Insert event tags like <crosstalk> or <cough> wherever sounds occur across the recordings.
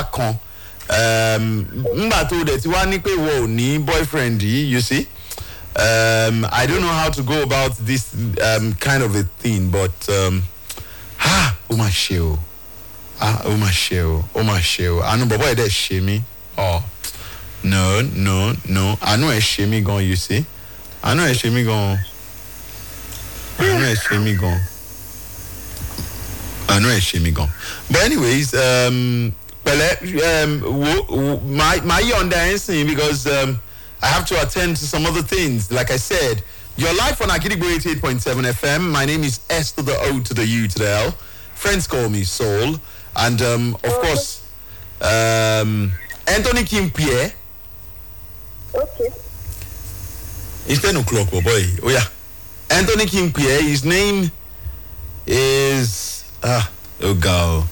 wá kan ehm, ngbà tó dẹ̀ ti wá ní pé wọ́n ò ní boyfriend yìí you see um, I don't know how to go about this um, kind of a thing but um, ha ah, ó mà ṣe o ah ó mà ṣe o ó mà ṣe o àánú bọ̀bọ̀ ẹ̀ dẹ̀ ṣe mí oh no no no àánú ẹ̀ ṣe mí gan you see àánú ẹ̀ ṣe mí gan àánú ẹ̀ ṣe mí gan àánú ẹ̀ ṣe mí gan but anyways. Um, pẹ̀lẹ́ um, wo, wo, because um, I have to attend to some other things like I said your life on Akidigbo 88.7 FM my name is S to the O to the U to the L friends call me Soul and um, of okay. course um, Anthony Kim Pierre. Okay. It's 10 o'clock, oh boy. Oh, yeah. Anthony Kim Pierre, his name is. Ah, oh, God.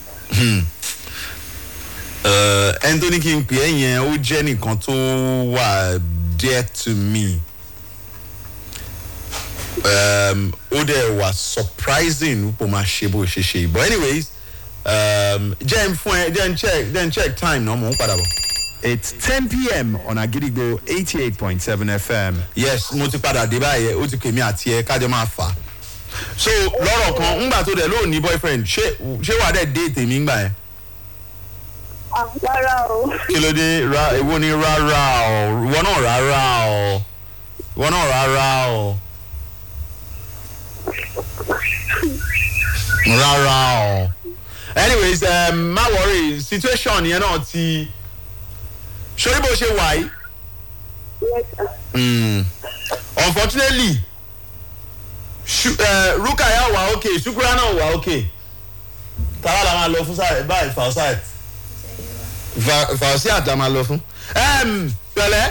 Eh, Anthony kí n pè é yẹn ó jẹ́ nìkan tó wà dear to me um, ó dẹ̀ wà surprising wípé o máa ṣe bó ṣe ṣe but anyways jẹ́ n fún ẹ jẹ́ n check jẹ́ n check time náà mò ń padà bọ̀. It's 10 p.m. on Agidigbo 88.7 FM. Yes, mo ti padà dé báyìí, ó ti pè mí àti ẹ kájọ máa fà á. So lọ́rọ̀ kan, ńgbà tó dẹ̀ lóò ní boyfriend, ṣé wàá dẹ̀ dé tèmi ńgbà yẹn? Ah, rárá o. kí ló dé ra èwo ni rárá o wọn náà rárá o wọn náà rárá o rárá o anyways um, worry situation yẹn náà ti sori bó ṣe wà yìí. Yes, mm. unfortunately uh, Rukaya wà òkè Shukura náà wà òkè tààrà la máa lọ fún báyìí Fausat vaosi àtàmà lọ fún. pẹ̀lẹ́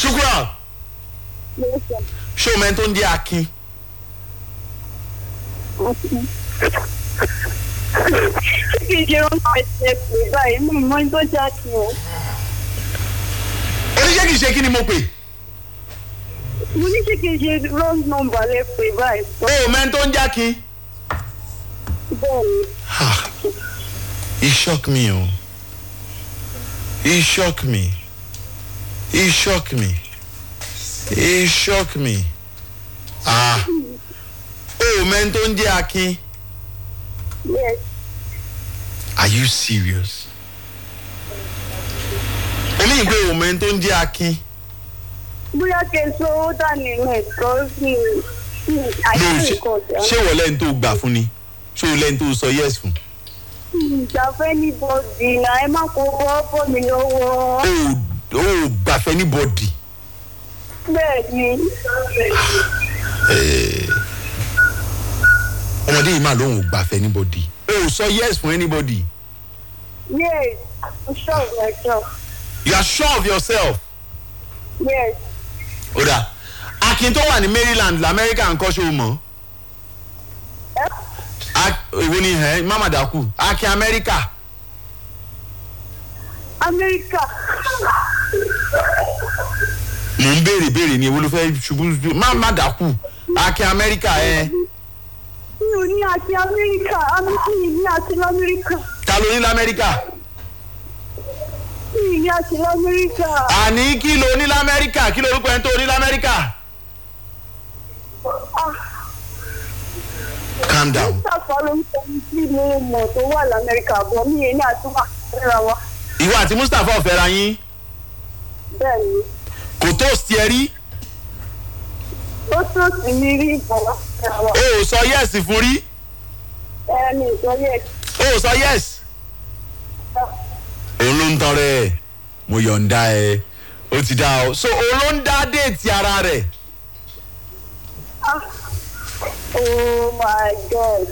ṣùkúrà ṣé o mẹ́ni tó ń jẹ́ akin. kí n ṣe rọ́ńkà ẹ̀sìn ẹ̀pẹ̀ báyìí mú mi mọ́ ní tó jẹ́ akin o. oníṣẹ́ kìí ṣe kí ni mo pè. mo ní ṣe kí n ṣe wrong number lẹ́pẹ̀ báyìí. o mẹ́ni tó ń jẹ́ akin. bẹ́ẹ̀ ni. He shocked me, oh. He shocked me. He shocked me. He shocked me. Ah. Oh, men tó ń jẹ́ Akin. Yes. Are you serious? Èmi ìgbé òun men tó ń jẹ́ Akin. Bóyá kí n sọ owó dání mi kọ́ sí i. Ṣé ìwọ eh. lẹ́ni tó gbà fún ni? Ṣé o lẹ́ni tó sọ yes fún? ìgbàfẹ́ ní bọ́ọ̀dì náà ẹ má kó bọ́ bọ́ mi lọ́wọ́. o ò gbàfẹ́ ní bọ́ọ̀dì. Eh, ọmọdé yìí máa lóun ò gbàfẹ́ ní o ò sọ yes fún anybody. yes i'm sure of myself. you are sure of yourself. yes. ó dáa akin tó wà ní maryland lamẹ́ríkà ń kọ́ ṣe o mọ̀. ẹ́ èwo ni hẹ́n mama daku akin amẹ́ríkà. amẹ́ríkà. mo ń béèrè béèrè ni èwo ló fẹ́ ṣubú mama daku akin amẹ́ríkà ẹ. mi ò ní akin amẹ́ríkà amẹ́ríkà mi ní akin lamẹ́ríkà. ta ló ní lamẹ́ríkà. mi ò ní akin lamẹ́ríkà. àní kí ló ní lamẹ́ríkà kí lórúkọ ẹni tó ní lamẹ́ríkà. ah calm down. mr olórúkọ mi tí mi mọ̀ tó wà lamẹ́ríkà bọ̀ mí èyí náà tún wà fẹ́ra wa. ìwọ àti mustapha ọ̀fẹ́ra yín. bẹ́ẹ̀ni. kò tó sí ẹ rí. ó tó sì mí rí ìbọn fẹ́ra wa. o ò sọ yẹ́ẹ̀sì fún rí. ẹ mi ò o ò sọ yẹ́ẹ̀sì. òun ló ń tọrẹ ẹ mo yọ̀ǹda ẹ ó ti dá ọ so òun ló ń dá déètì ara rẹ̀. Ah oh my god.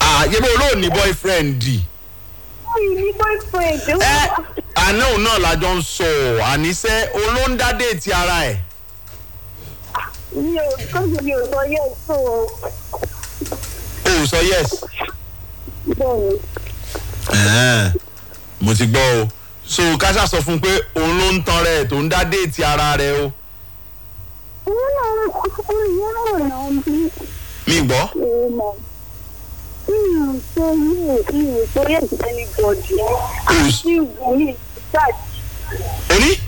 Ah, yẹ́bí olóò ní boyfriend di. Oh, ní boyfriend. ẹ eh, àná òun náà lájọ ń sọ ọ àníṣe olóńdá déètì ara ẹ. mi ò tó mi ò sọ yẹ so. o sọ yes. bẹ́ẹ̀ni. mo ti gbọ́ o so kásá sọ fún un pé òun ló ń tan rẹ̀ tó ń dá déètì ara rẹ̀ o mi gbọ́. Oni.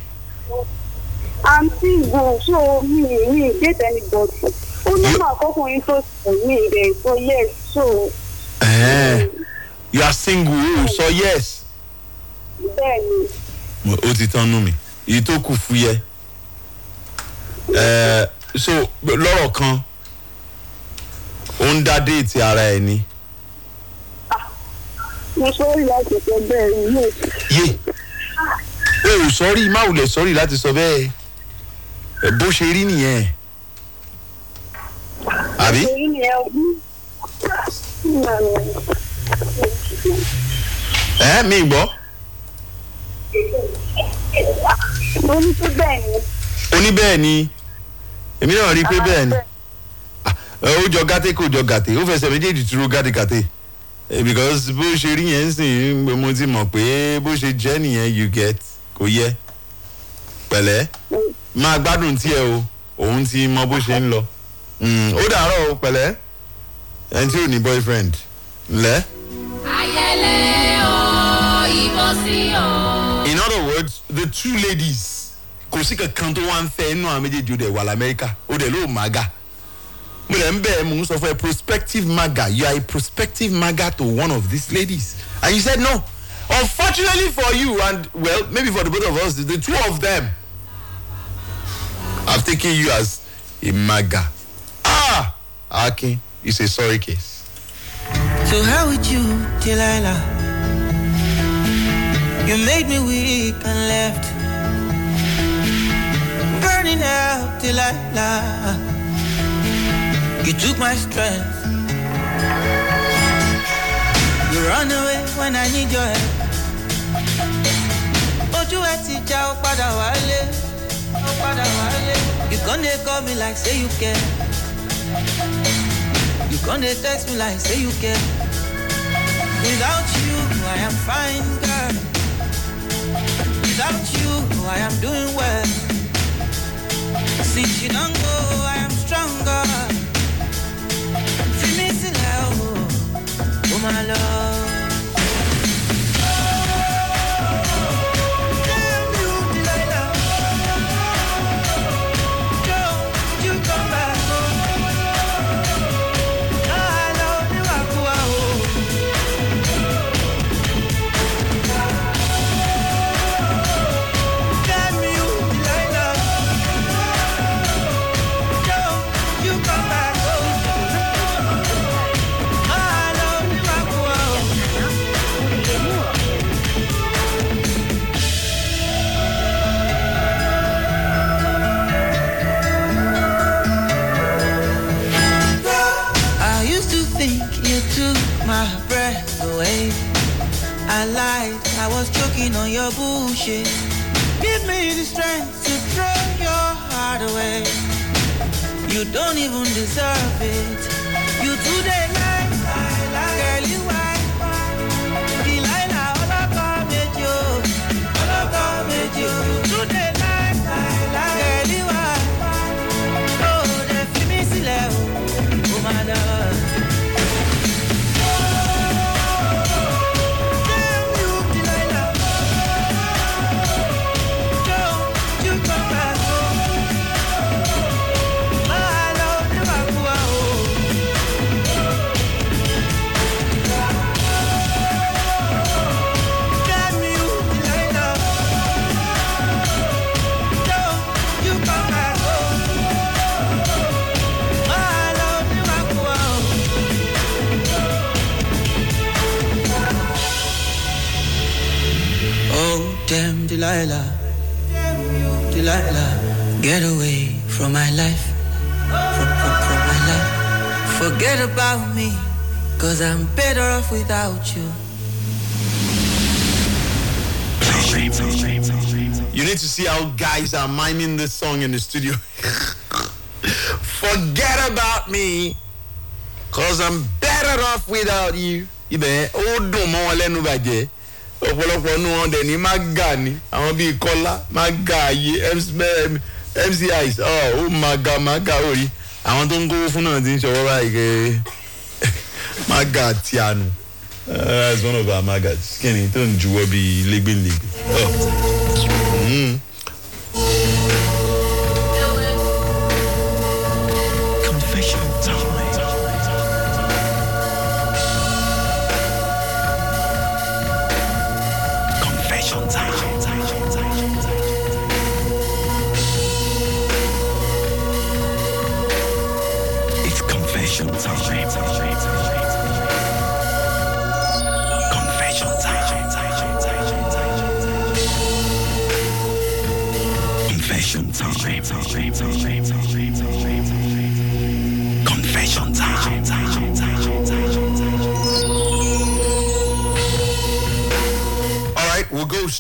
I'm single, so mi mi date anybody. Ó ní mà kọ́kùnrin tó sùn mí rẹ̀ sọ yes so. You are single o sọ yes. Bẹ́ẹ̀ni. O ti tán nú mi, èyí tó kù fúyẹ́ ẹ eh, so lọ́rọ̀ kan ó ń dá déètì ara ẹ ni. Ah, mo sọ́ọ́rì láti sọ bẹ́ẹ̀ yé. yé o ò sọ́ọ́rì má wulẹ̀ sọ́ọ́rì láti sọ bẹ́ẹ̀ bó ṣe rí nìyẹn àbí. ẹ mi gbọ́. mo ní tó bẹ́ẹ̀ ni ó ni èmi náà rí i pé ah, bẹ́ẹ̀ ni ah, ó jọ gàtẹ́ kò jọ gàtẹ́ ó fẹsẹ̀ méjèèjì túró gàdégàtẹ́ eh, because bó ṣe rí yẹn sìn mo ti mọ̀ pé bó ṣe jẹ́ nìyẹn you get kò yẹ pẹ̀lẹ́ máa gbádùn tiẹ̀ o òun ti mọ bó ṣe ń lọ hmm, ó dàárọ̀ o pẹ̀lẹ́ ẹni tí ò ní boyfriend ǹlẹ́. ayẹlẹ o ìbọn sí o. in other words the two ladies. kò sí kankan tó wá ń fẹ́ inú àwọn méjèèjì ó dẹ̀ wà lamẹ́ríkà ó dẹ̀ ló màgà mo dẹ̀ ń bẹ̀ ẹ́ mo ń sọ fún ẹ prospective maga you are a prospective maga to one of these ladies and you said no unfortunately for you and well maybe for the both of us the two of them have taken you as a maga ah akin it's a sorry case. So how would you, Delilah? You made me weak and left burning out till I lie. You took my strength. You run away when I need your help. Ojú ẹ ti já ó wálé. Ó wálé. You gonna call me like say you care. You gonna text me like say you care. Without you, I am fine, girl. Without you, I am doing well. Since you don't go, I am stronger. me, oh, oh my love. from my life, from, from, from my life. Forget about me, cause I'm better off without you. You need to see how guys are miming this song in the studio. <laughs> Forget about me, cause I'm better off without you. ibẹ̀ ó dùn mọ́ wọn lẹ́nu bàjẹ́ ọ̀pọ̀lọpọ̀ nù wọn dẹ̀ ní má gà ní àwọn bíi kọ́lá má gà ayé mcis ọ oh, ó oh maga maga orí àwọn tó ń kówó fún náà ti ń ṣọwọ́ báyìí kẹ́ <laughs> maga ti àánú uh, that's one of our magas kí ni tó ń juwọ́ bíi lẹ́gbẹ̀lẹ́gbẹ̀. Oh. Hmm.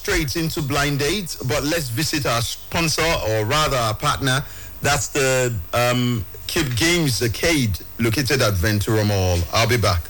straight into blind dates, but let's visit our sponsor or rather our partner. That's the um, Kip Games Arcade located at Ventura Mall. I'll be back.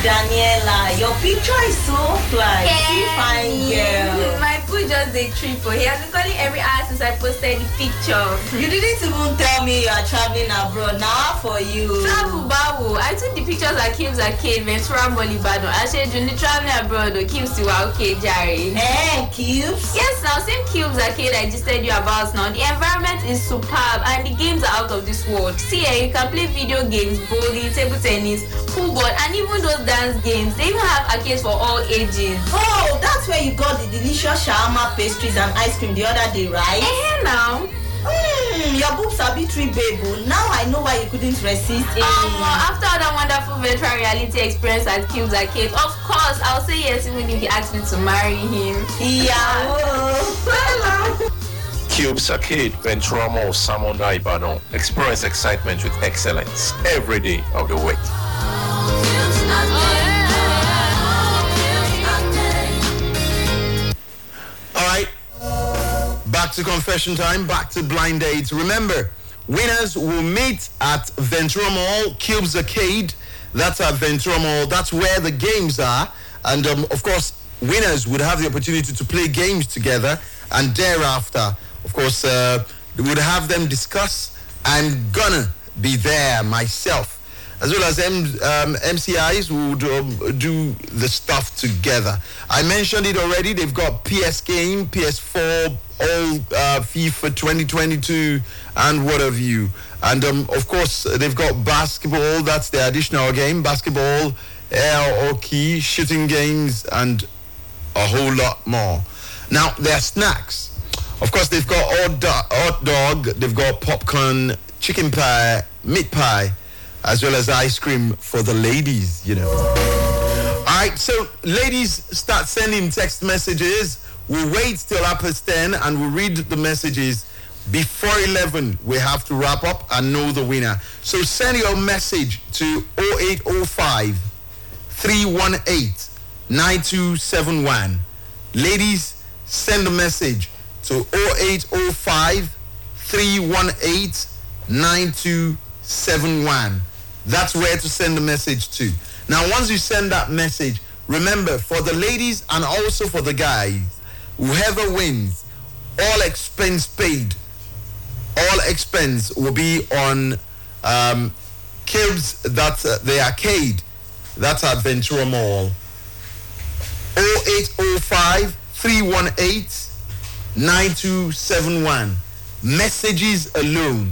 Daniela, your picture is so fly. Yay. You fine girl. My people just did triple. for oh. he has been calling every hour since I posted the picture. You didn't even tell me you are traveling abroad. Now for you. Travel Babu. I took the pictures at Kim's arcade, Ventura Mall, I said you need traveling abroad. or oh? Kim's you are okay, Jerry. Eh, Cubes? Yes, now same Cubes arcade I just said you about now. The environment is superb and the games are out of this world. See here, eh, you can play video games, bowling, table tennis, pool ball, and even those dance games. They even have arcades for all ages. Oh, that's where you got the delicious shower pastries and ice cream the other day, right? Eh, now. Mm, your boobs are bit three babe. Oh. Now I know why you couldn't resist. Um, after all that wonderful virtual reality experience at Cubes Arcade, of course I'll say yes even if he asked me to marry him. Yeah. <laughs> Cubes Arcade, Ventura Mall, Samunda, Ibadan. Experience excitement with excellence every day of the week. Back to confession time, back to blind dates. Remember, winners will meet at Ventura Mall, Cubes Arcade. That's at Ventura Mall. That's where the games are. And um, of course, winners would have the opportunity to play games together. And thereafter, of course, uh, would have them discuss. I'm gonna be there myself as well as M, um, MCIs who do, do, the stuff together. I mentioned it already. They've got PS Game, PS4, all uh, FIFA 2022, and what have you. And um, of course, they've got basketball. That's their additional game. Basketball, air hockey, shooting games, and a whole lot more. Now, their snacks. Of course, they've got hot dog, they've got popcorn, chicken pie, meat pie, as well as ice cream for the ladies, you know. All right, so ladies, start sending text messages. We'll wait till after 10 and we'll read the messages. Before 11, we have to wrap up and know the winner. So send your message to 0805 318 9271. Ladies, send a message to 0805 318 9271. That's where to send the message to. Now, once you send that message, remember for the ladies and also for the guys, whoever wins, all expense paid, all expense will be on um, Kibs, that's uh, the arcade, that's Adventure Mall. 0805 318 9271. Messages alone.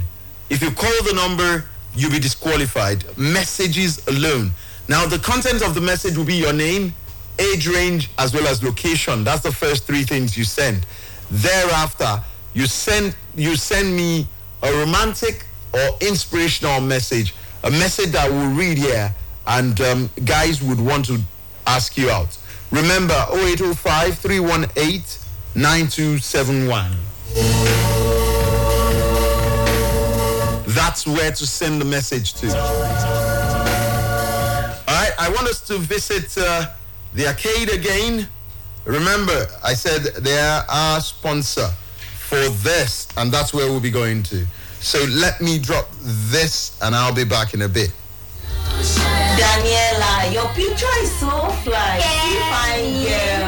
If you call the number, you'll be disqualified. Messages alone. Now, the content of the message will be your name, age range, as well as location. That's the first three things you send. Thereafter, you send you send me a romantic or inspirational message, a message that will read here, and um, guys would want to ask you out. Remember 0805 318 9271 that's where to send the message to. All right, I want us to visit uh, the arcade again. Remember, I said they are our sponsor for this, and that's where we'll be going to. So let me drop this, and I'll be back in a bit. Daniela, your picture is so fly. Yeah. fine girl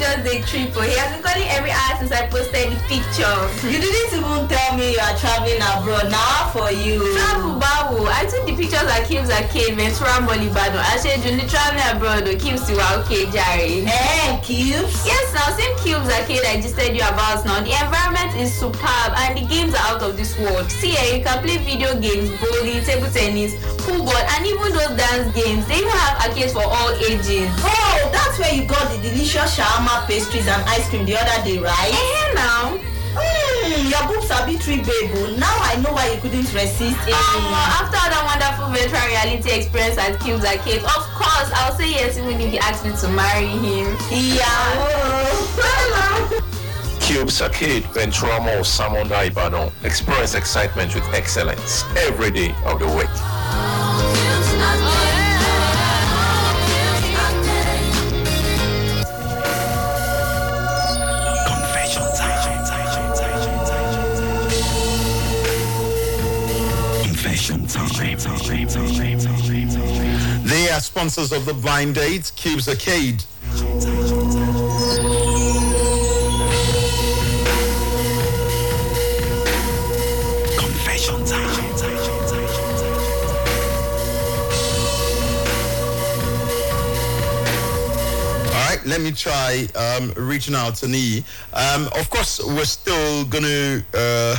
just a trip for he has been calling every hour since I posted the picture. You didn't even tell me you are traveling abroad. Now for you. Travel babu. I took the pictures at Kim's arcade, Ventura Mall Ibadan. I said you need traveling abroad or Kim's you are okay, Jerry. Hey, eh, Kims? Yes, now same Cubes arcade I just said you about now. The environment is superb and the games are out of this world. See here, you can play video games, bowling, table tennis, pool ball, and even those dance games. They even have arcades for all ages. Oh, that's where you got the delicious shawarma normal pastries and ice cream the other day, right? Eh, now. Mm, your boobs are bit three babe. Oh. Now I know why you couldn't resist. Um, after that wonderful virtual reality experience at Cubes Arcade, of course I'll say yes even if he asked me to marry him. Yeah. Oh. <laughs> Cubes Arcade, Ventura Mall, Samunda, Ibadan. Experience excitement with excellence every day of the week. They are sponsors of the Blind Date, Cubes Arcade. let me try um, reaching out to me. Um, of course, we're still gonna uh,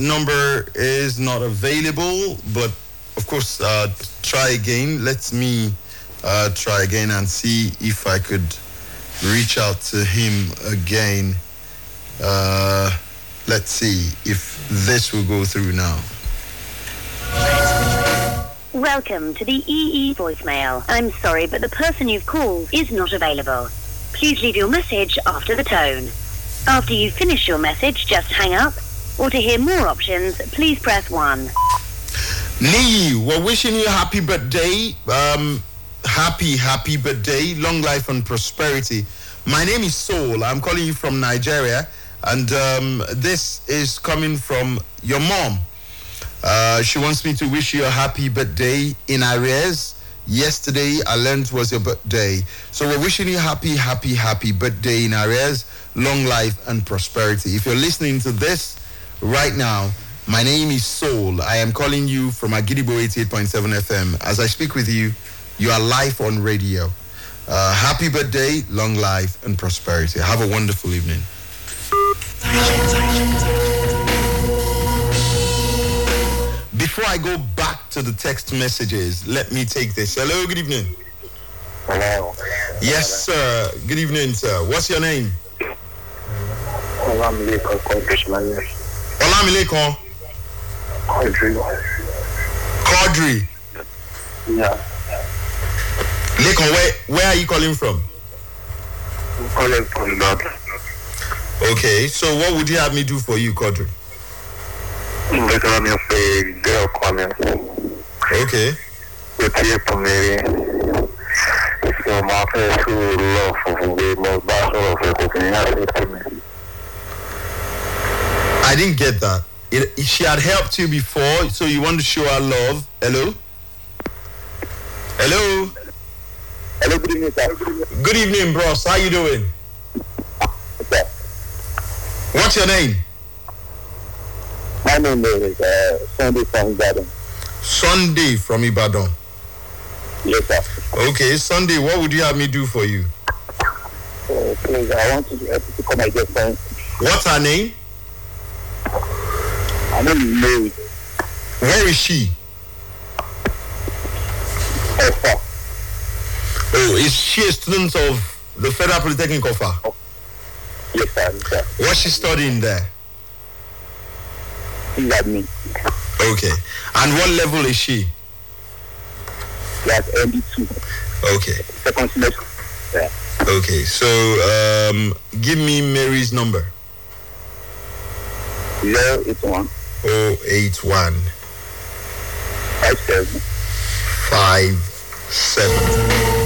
number is not available, but of course, uh, try again. Let me uh, try again and see if I could reach out to him again. Uh, let's see if this will go through now. Welcome to the EE voicemail. I'm sorry, but the person you've called is not available. Please leave your message after the tone. After you finish your message, just hang up or to hear more options, please press 1. Lee, we're wishing you happy birthday. Um, happy, happy birthday. Long life and prosperity. My name is Saul. I'm calling you from Nigeria. And um, this is coming from your mom. Uh, she wants me to wish you a happy birthday in arrears. Yesterday, I learned was your birthday. So we're wishing you happy, happy, happy birthday in arrears, long life and prosperity. If you're listening to this, right now. My name is Soul. I am calling you from Agidibo 88.7 FM. As I speak with you, you are live on radio. Uh, happy birthday, long life, and prosperity. Have a wonderful evening. Before I go back to the text messages, let me take this. Hello, good evening. Hello. Yes, sir. Good evening, sir. What's your name? Well, Olamilekan. Quadri. Quadri. Yeah. Lekan, where where are you calling from? I'm calling from Dublin. Okay, so what would you have me do for you, Quadri? Ndekana mfe girl kwame. Okay. Yotie pamere. So my first love for the most battle of the Copenhagen. I didn't get that. It, she had helped you before, so you want to show her love. Hello? Hello? Hello, good evening, sir. Good evening, bros. How you doing? Okay. What's your name? My name is uh, Sunday from Ibadan. Sunday from Ibadan? Yes, sir. Okay, Sunday, what would you have me do for you? Uh, please, I want to help uh, to my girlfriend. What's her name? Where is she? Offer. Oh, oh, is she a student of the Federal Polytechnic Offer? Oh. Yes, sir. What's she studying there? She's at me. Okay. And what level is she? That's at MD2. Okay. Second semester. Yeah. Okay, so um, give me Mary's number. Yeah, it's one. 081 57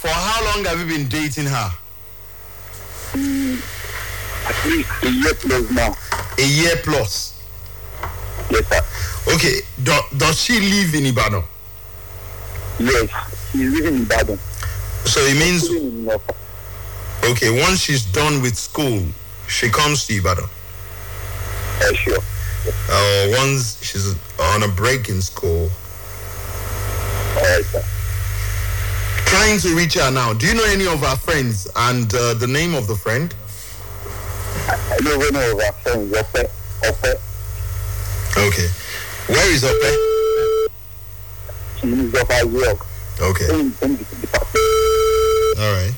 for how long have you been dating her? at least a year plus now. A year plus? Yes, sir. Okay, do, does she live in Ibadan? Yes, she's living in Ibadan. So it means. Okay, once she's done with school, she comes to Ibadan. Yeah, sure. Uh, once she's on a break in school. Yes, sir trying to reach her now. Do you know any of our friends and uh, the name of the friend? I don't know of our friend. Ope. Ope. Okay. Where is Ope? She's up at work. Okay. All right.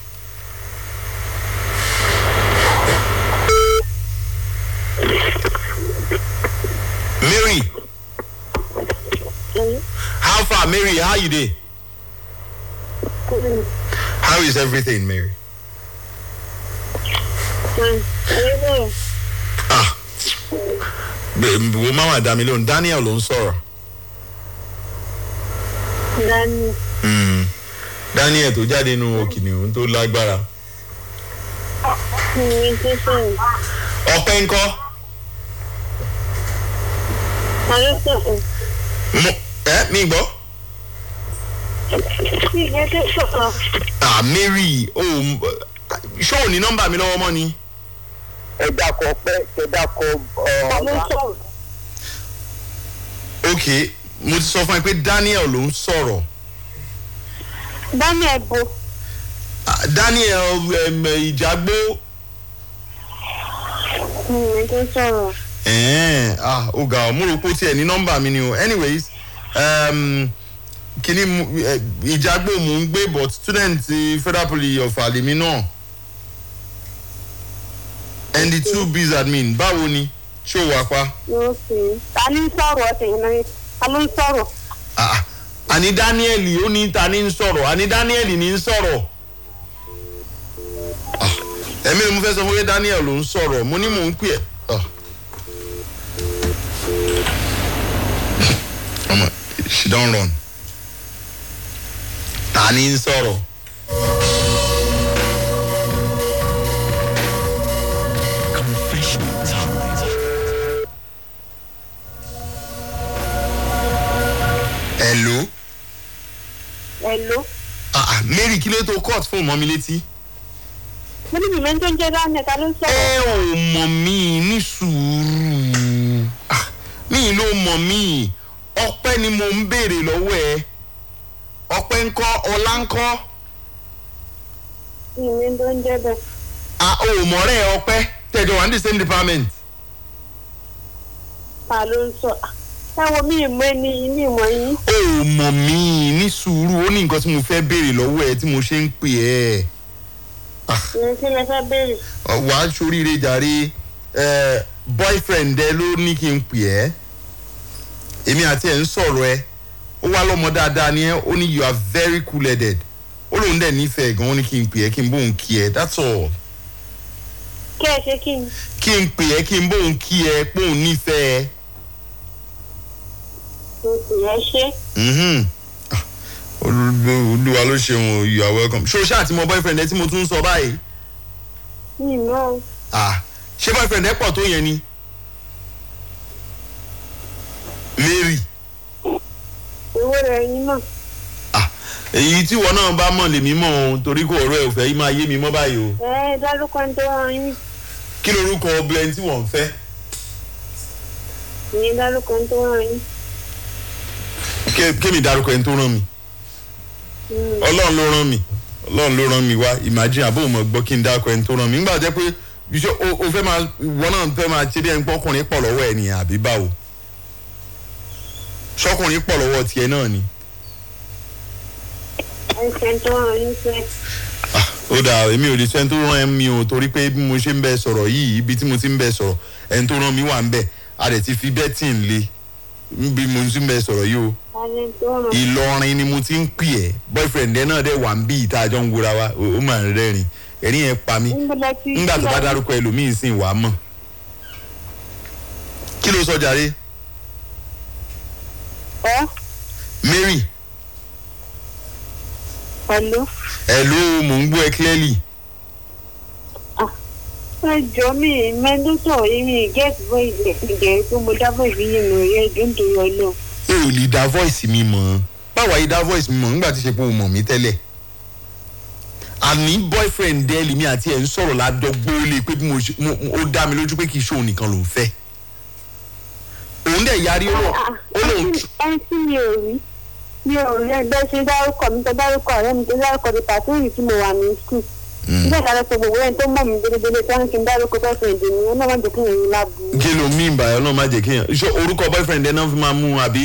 Mary. How far, Mary? How you doing? How is everything, Mary? Ah, wo máa wà dá mi lóhùn Daniel ló Daniel. sọ̀rọ̀. Daniel. Hmm. Daniel tó jáde nínú òkìní tó lágbára. Ọpẹ́ ńkọ́. Mo ẹ́ mi gbọ́ ah mary o ṣé o ní nọmba mi lọ́wọ́ mọ́ ni. ẹ dákọ pé ẹ dákọ ọba. ok mo ti sọ fún ẹ pé daniel ló ń sọ̀rọ̀. daniel bo. Ah, daniel ìjàgbó. mi ò sọ̀rọ̀. ẹ̀ẹ́n ah ó ga ọ mo rò pé ó tiẹ̀ ní nọ́mbà mi ni o anyways. Um, kíní ìjágbó mò ń gbé but student federal poly ọ̀fà lèmi náà and the two biz admin báwo ni ṣé o wà pa. ta ni sọ̀rọ̀ ọ̀sẹ̀ ta ló ń sọ̀rọ̀. àní ah, ah. daniel ó ní ta ni ń sọ̀rọ̀ àní daniel ní ń sọ̀rọ̀ ah, ẹ̀mí ni fẹ́ sọ fún pé daniel ló ń sọ̀rọ̀ mo ní mò ń pè ẹ́. <laughs> She don't run ta ni ń sọ̀rọ̀. hello. hello. ah ah mary kí ló tó court fún ọmọ mi létí. mo ní bìbẹ́ tó ń jẹ́ lánàá ta ló ń sọ̀rọ̀. ẹ ò mọ̀ mí ní sùúrù ah, mi ló mọ̀ mí ọpẹ́ ni mo ń béèrè lọ́wọ́ ẹ ọpẹ́ ńkọ́ ọlá ńkọ́. ìwé ló ń jẹ́ bẹ́ẹ̀. a ò mọ̀rẹ́ ọpẹ́ tẹ̀jọ̀ wà ní the same department. ta ló ń sọ táwọn míì mọ ẹni ní ìmọ̀ yín. o ò mọ̀ mí ní sùúrù ó ní nǹkan tí mo fẹ́ béèrè lọ́wọ́ ẹ tí mo ṣe ń pè ẹ́. ìrìn tí mo fẹ́ béèrè. wà á ṣoríire jàre boyfriend ẹ ló ní kí n pè ẹ́ èmi àti ẹ̀ ń sọ̀rọ̀ ẹ ó wá lọ́mọ dáadáa ni ẹ́ ó ní you are very cool headed ó lóun dẹ̀ nífẹ̀ẹ́ gan ó ní kí n pè ẹ́ kí n bóun kí ẹ́ that's all. kí ẹ ṣe kí n. kí n pè ẹ́ kí n bóun kí ẹ póun nífẹ̀ẹ́. ẹ ṣe. Mm-hmm. Ah, olúwa ló ṣeun o you are welcome ṣé o ṣáà ti mọ boyfriend ẹ tí mo tún ń sọ báyìí. mi náà. ah ṣé boyfriend ẹ pọ̀ tó yẹn ni. Mary owó rẹ̀ yín mọ̀. Ah, èyí tí wọn náà bá mọ̀ lèmi mọ̀ ohun torí kò ọ̀rọ̀ ẹ̀ ò fẹ́ yín máa yé mi mọ́ báyìí o. ẹ dárúkọ ń tó wọn yín. kí lorúkọ obìnrin tí wọ́n ń fẹ́. mi dárúkọ ń tó wọn yín. kémi dárúkọ ẹni tó rán mi. Hmm. ọlọ́run ló rán mi ọlọ́run ló rán mi wá imagine àbó mo gbọ́ kí n dárúkọ ẹni tó rán mi nígbà jẹ́ pé o fẹ́ máa wọ́n náà fẹ́ máa ṣe bí ẹni pọ́kùnrin pọ̀ lọ́wọ́ ẹ̀ nìyẹn àbí báwo ṣọkùnrin pọ̀ lọ́wọ́ tiẹ̀ náà ni. Ah, ó dáa èmi ò lè sọ ẹni tó rán mi o torí pé bí mo ṣe ń bẹ sọ̀rọ̀ yìí ibi tí mo ti ń bẹ sọ̀rọ̀ ẹni tó rán mi wà ń bẹ a dẹ̀ ti fi bẹ́tìn le bí mo ti ń bẹ sọ̀rọ̀ yìí o. Ìlọrin ni mo ti ń pè ẹ́ boyfriend ẹ náà dẹ̀ wà ń bí ìta àjọ ń wura wa ó mà ń rẹ́rìn ẹ̀rín yẹn pa mí nígbà tó bá dárúkọ ẹlòmíín sì wà á mọ̀ kí ló sọ jàre. Ẹ. Mary. Hello. Hello, mò ń gbọ́ ẹ clearly. Ah, ẹ jọ mi mẹ́ńdọ́tọ̀ irin get voice ẹ̀jẹ̀ tó mo dá voice yìí mọ̀ ẹ̀ ẹ̀jọ̀ nítorí ọlọ́run. O ò lè dá voice mi mọ̀. Báwa yìí dá voice mi mọ̀ nígbà tí ṣe pé o mọ̀ mí tẹ́lẹ̀ àní boyfriend dẹ́ẹ̀lì mi àti ẹ̀ ń sọ̀rọ̀ ládọ́gbó lé pé ó dá mi lójú pé kì í ṣòun nìkan ló ń fẹ́ òun dẹ̀ yarí ah, ah, ó lọ ó lóun. ẹni tí mi ò rí mi ò rí ẹgbẹ́ ṣe dárúkọ mi tó dárúkọ ọ̀rẹ́ mi tó dárúkọ mi pàtóyì tí mo wà ní skul. Hmm. nígbà tí a lọ sọ gbogbo ẹni tó mọ̀ mí dédédédé tí wọ́n ti ń dárúkọ boyfriend mi ó náà má jẹ́ kí n yín lábú. kí ló mí ìbà ẹ̀ náà má jẹ́ kí n ṣe orúkọ boyfriend ẹ̀ náà fi máa mú un àbí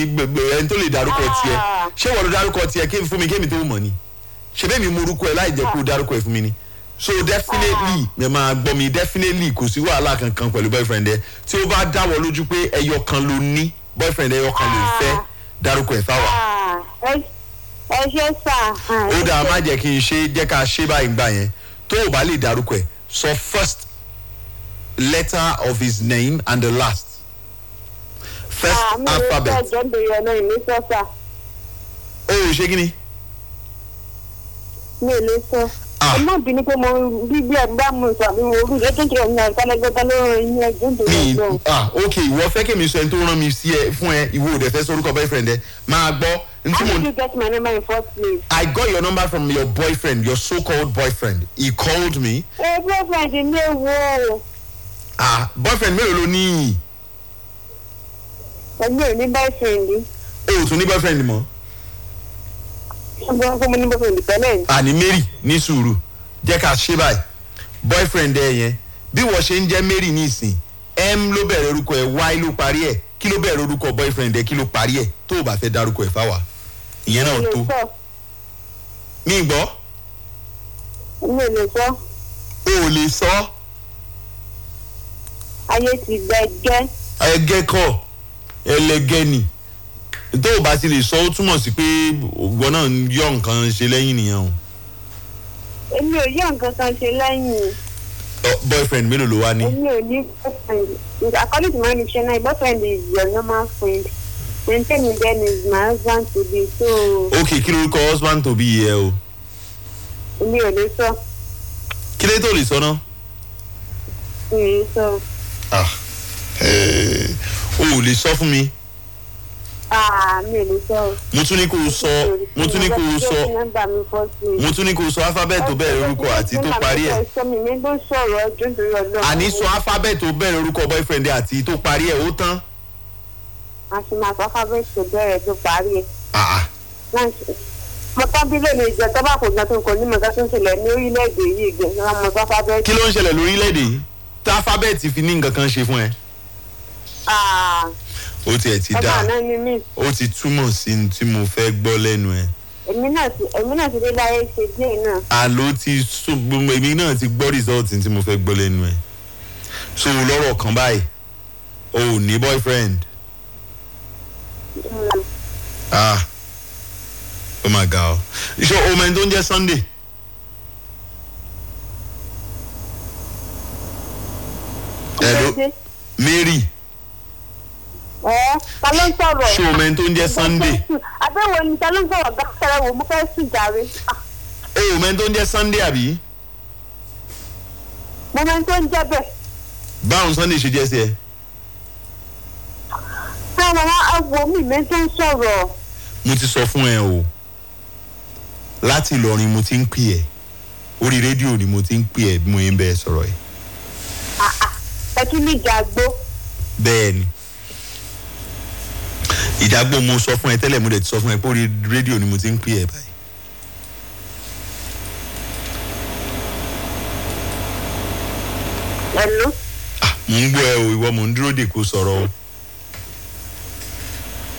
ẹni tó lè dárúkọ ah. tiẹ̀ ṣé wọ́n lọ dárúkọ tiẹ̀ fún mi kémi tó mọ̀ ni ṣe bẹ́ẹ̀ mi mú orúkọ ẹ̀ láì jẹ́ kó dárúkọ ẹ̀ fún mi ni so definitely ah. mi máa gbọ́ mi definitely kò sí wàhálà kankan pẹ̀lú boyfriend ẹ tí ó bá dáwọ́ lójú pé ẹyọ kan ló ní boyfriend ẹyọ kan ló fẹ́ ah. dárúkọ ẹ̀ fáwa. Ah. ẹ ṣe sà. ó dáa má jẹ́ kí n ṣe jẹ́ ká ṣe báyìí gbà yẹn tó o bá lè dárúkọ ẹ̀ sọ first letter of his name and the last first uh, alphabet. àmì ìrẹsì ọjọ́ ṣe kí ni. mi ò lè sọ ọmọ bí ni pé mo bí bí ẹgbẹ́ mu ìsàmì wo orí ètò ìjọba mi àti ẹlẹgbẹ́ta ló ń yẹ ẹgbẹ́ tó ń ah, ok ìwọ fẹ́ kí mi sọ ẹni tó rán mi sí ẹ fún ẹ ìwọ ò dẹ̀ fẹ́ sórúkọ boyfriend ẹ máa gbọ́. how did you get my number in first place. I got your number from your boyfriend your so-called boyfriend he called me. ẹ boyfriend mi wo. ah boyfriend mélòó ló ní. ẹgbẹ́ ò ní boyfriend. o ò tún ní boyfriend mọ́. àní mary ní sùúrù jẹ́ ká ṣe báyìí boyfriend ẹ yẹn bí wọ́n ṣe ń jẹ́ mary nísìn m ló bẹ̀rẹ̀ orúkọ ẹ̀ y ló parí ẹ̀ kí ló bẹ̀rẹ̀ orúkọ boyfriend ẹ̀ kí ló parí ẹ̀ tó o bá fẹ́ mi gbọ́. mi sọ. o ò sọ. ayé ti gbẹ gẹ. ẹgẹ kọ ẹlẹgẹ ni. tó o bá ti lè sọ ó túmọ̀ sí pé ògbọ́n náà ń yọ nǹkan ṣe lẹ́yìn nìyẹn o. èmi ò yọ nǹkan kan ṣe lẹ́yìn. boyfriend mélòó ló wá ní. èmi ò ní boyfriend according to my dictionary boyfriend is your normal friend maintain me then is my husband to be so. ok kí ló kọ husband to be yẹ o. èmi ò lè sọ. kí lè tó lè sọ náà. mi ò lè sọ. ah eh, o ò lè sọ fún mi. Ah, mi ò lè sọ. mo tún ní kó o sọ mo tún ní kó o sọ mo tún ní kó o sọ alifábẹ́ẹ̀tì tó bẹ̀rẹ̀ orúkọ àti tó parí ẹ̀. àní sọ alifábẹ́ẹ̀tì tó bẹ̀rẹ̀ orúkọ boyfriend àti tó parí ẹ̀ ó tán. a sì máa sọ alifábẹ́ẹ̀tì tọ́ba ah, ah. kò gbà tó ń kọ ní mọ̀ká tó ń ṣẹlẹ̀ ní orílẹ̀-èdè yìí gbẹ̀rẹ̀ mọ̀ká fábẹ́ẹ̀tì. kí ló ń ṣẹlẹ̀ lórílẹ̀-èdè yìí tá alifábẹ́ẹ̀tì fi ní nǹkan kan ṣe fún ẹ. Ah. ó tiẹ̀ ti dáa ó ti túmọ̀ sí ní tí mo fẹ́ gbọ́ lẹ́nu ẹ̀ èmi náà ti èmi náà ti dé láyé ṣe díẹ̀ náà. àló ti sùn gbogbo èmi náà ti gbọ́ result tí mo fẹ́ gbọ́ lẹ́nu ẹ̀ so lọ́rọ̀ kan báyìí o ò ní boyfriend. Hmm. ah oh my god ọ ṣé o mẹ́ni tó ń jẹ́ sunday. hello mary. Eh, ta ló ń sọ̀rọ̀. ṣé o mẹ́ni tó ń jẹ́ sunday. abẹ́wò ni ta ló ń sọ̀rọ̀ gáfẹ́rẹ́ wò mo fẹ́ sùn jàre. ẹ eh, ò mẹ́ni tó ń jẹ́ sunday àbí. mo mẹ́ni tó ń jẹ́ bẹ́ẹ̀. báwọn sunday ṣe jẹ́ sí ẹ. sọ̀rọ̀ wọn á wo mi mẹ́ni tó ń sọ̀rọ̀. mo ti sọ fún ẹ o láti Ìlọrin mo ti ń pè ẹ orí rédíò ni mo ti ń pè ẹ bí mo yẹn bẹ sọ̀rọ̀ ẹ. Ah, ah. ẹ kí ni ìjà gbó. bẹ́ẹ̀ ìdágbò mo sọ fún ẹ tẹ́lẹ̀ mo dẹ̀ ti sọ fún ẹ pé rédíò ni mo ti ń pè ẹ báyìí. hello. ah mo ń gbọ́ ẹ o ìwọ mo ń dúró dè kó sọ̀rọ̀ o.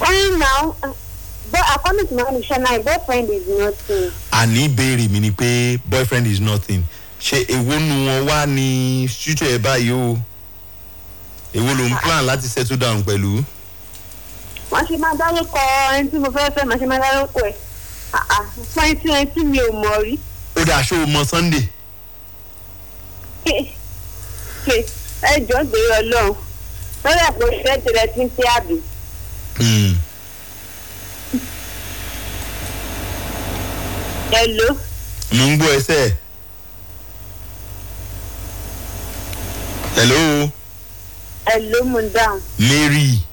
why now but according to my understanding my boyfriend is nothing. àní ìbéèrè mi ni pé boyfriend is nothing ṣe èwo nu wọn wá ní ṣíṣe ẹ báyìí o èwo ló ń ah, ah. plan láti settle down pẹ̀lú wọ́n ṣe máa dárúkọ ẹni tí mo fẹ́ fẹ́ máa ṣe máa dárúkọ ẹ̀ ah, ah, fún ẹni tí ẹni tí mi ò mọ̀ rí. ó dà ṣó o mọ Sunday. Eh, eh, eh, ẹ jọ gbèrè Ọlọ́run lórí àpò ìfẹ́ tẹ̀lé tí ń ṣe àbí. Hmm. Hello. mo ń gbọ́ ẹsẹ̀. Hello. Hello mo dáhùn. Mary.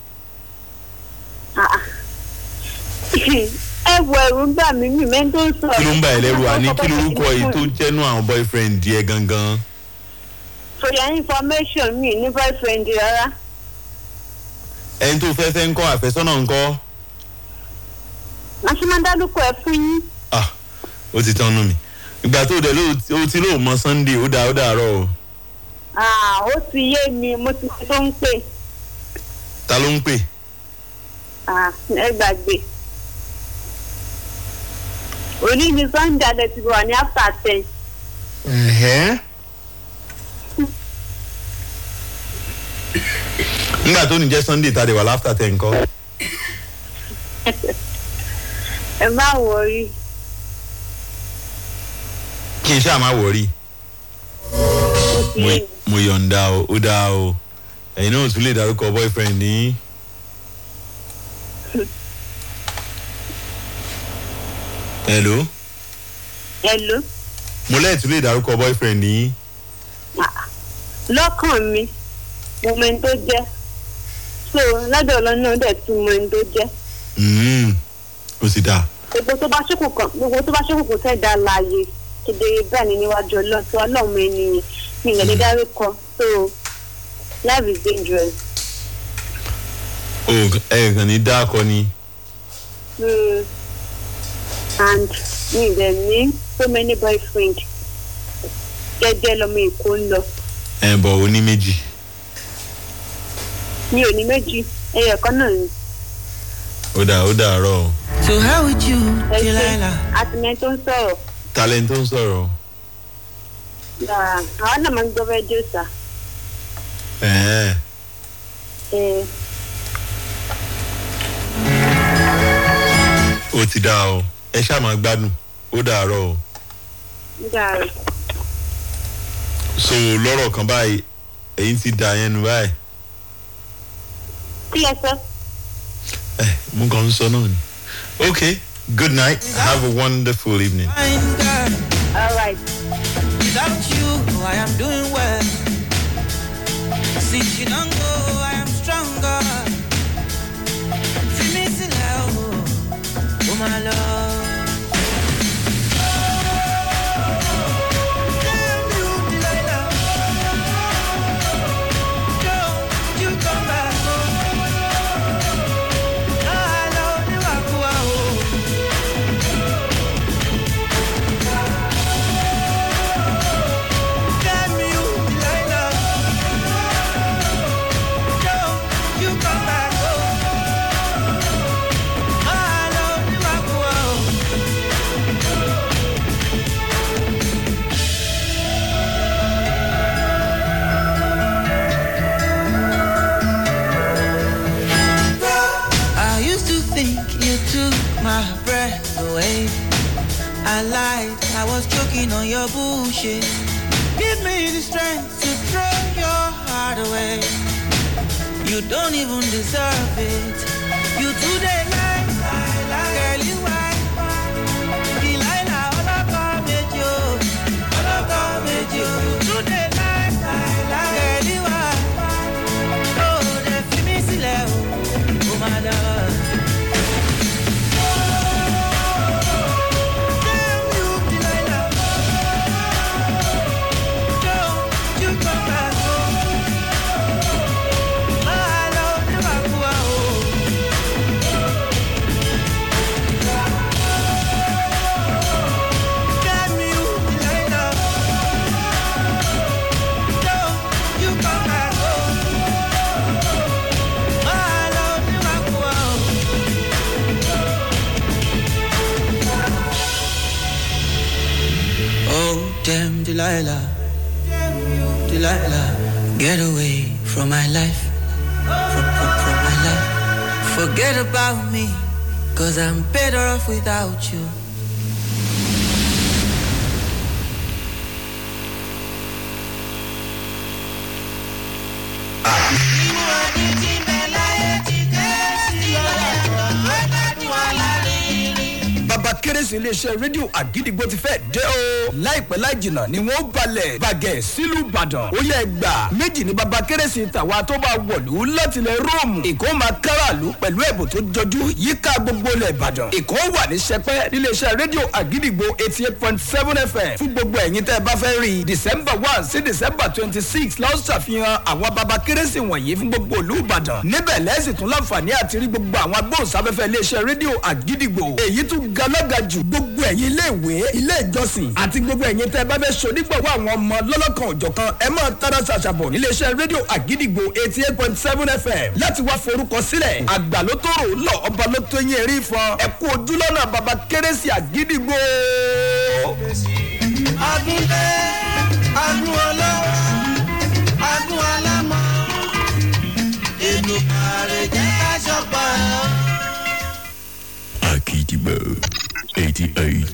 wọ ẹrú gbà mí mi mẹ́ tó sọ. kí ló ń bá ẹ lẹ́rù àní kí lórúkọ yìí tó jẹ́nu àwọn boyfriend yẹ gangan. kò yẹ information mi ní boyfriend rárá. ẹni tó fẹ́ fẹ́ ń kọ́ àfẹ́sọ́nà ń kọ́. àṣemọ́dálùkọ ẹ fún yín. ah ó ti tán nù mí ìgbà tó dẹ̀ ló ti lóò mọ sunday ó dáa ó dàárọ̀ o. ah ó ti yé mi mo ti tó ń pè. ta ló ń pè. ah ẹ gbàgbé òní ni sunday alẹ́ ti wà ní after ten. nígbà tó ní jẹ́ sunday tá a lè wà láfter ten kọ́. ẹ má wọrí. kí n ṣáà má wọrí. mo yọ̀ǹda o ó dáa o ẹ̀yin náà tún lè dárúkọ boyfriend ní. hello. hello. mo lẹ́yìn tún lè dárúkọ boyfriend yín. Ah, lọ́kàn mi mo mọ ẹni tó jẹ́ so lọ́dọ̀ ọlọ́nà dẹ̀ tún mọ ẹni tó jẹ́. Hmm, ó sì dáa. gbogbo tó bá ṣókùn kan gbogbo tó bá ṣókùn kò fẹ́ dá láàyè kedere bẹ́ẹ̀ ni níwájú ọlọ́tún ọlọ́mọ ènìyàn ní ìgbàlódé hmm. dárúkọ so life is dangerous. o ẹ̀ kàn ní dáàkọ ni. Mm and mi dẹ̀ ní so many boyfriend jẹ́jẹ́ lọ́mọ èkó ń lọ. ẹ bọ̀ o ní méjì. mi ò ní méjì ẹyọ kan náà ni. ó dà ó dàárọ̀ o. to hell with you delilah. àtìmẹ́ tó ń sọ̀rọ̀. talent tó ń sọ̀rọ̀. àwọn náà máa ń gbọ́ rédíò sá. ó ti dá o. ẹ ṣáà máa gbádùn ó dàárọ̀ o. ó so lọ́rọ̀ kan báyìí èyí ti dà yẹn nù báyìí. kí sọ. ẹ eh, kàn ń sọ náà ni. okay good night have a wonderful evening. without you i am doing well since you go i am stronger. Feel me oh my love. I lied, I was choking on your bullshit. Give me the strength to throw your heart away. You don't even deserve it. Cause I'm better off without you. bàbá kérésì iléeṣẹ́ rédíò àgídìgbò ti fẹ́ dé o láìpẹ́ láì jìnnà ni wọ́n balẹ̀ bàgẹ́ sílùú ìbàdàn ó yẹ gbà méjì ní baba kérésì tàwa tó bá wọ̀lú láti ilẹ̀ róòmù èkó máa káràlú pẹ̀lú ẹ̀bùn tó jọjú yíká gbogbo ilẹ̀ ìbàdàn èkó wà ní sẹpẹ́ níléeṣẹ́ rédíò àgídìgbò eighty eight point seven fm fún gbogbo ẹ̀yin tẹ́ ẹ bá fẹ́ rí i december one sí december twenty six la ó ṣàfihàn àwọn baba kérésì wọ̀nyí fún gbogbo ìlú ìbàdàn níbẹ̀ lẹ́sìn tún láǹfààní àti rí gbogbo àwọn agbóhùnsáfẹ́fẹ́ iléeṣẹ́ rédíò àgídìgbò èyí tún galága jù gbogbo àti gbogbo ẹ̀yin tẹ́ bá fẹ́ so nígbàwọ́ àwọn ọmọ lọ́lọ́kan òjọ̀kan ẹ máa tara ṣàṣàbọ̀ níléeṣẹ́ rédíò àgídìgbò eighty eight point seven fm láti wá forúkọ sílẹ̀ àgbà lọ ọba ló tó yín erí fún ẹ kú ojúlọ́nà baba kérésì àgídìgbò. agunlé agun ọlọ́wọ́ agun alámọ̀ èdùkàrè jẹ́ aṣọ́pá. àgídìgbò eighty eight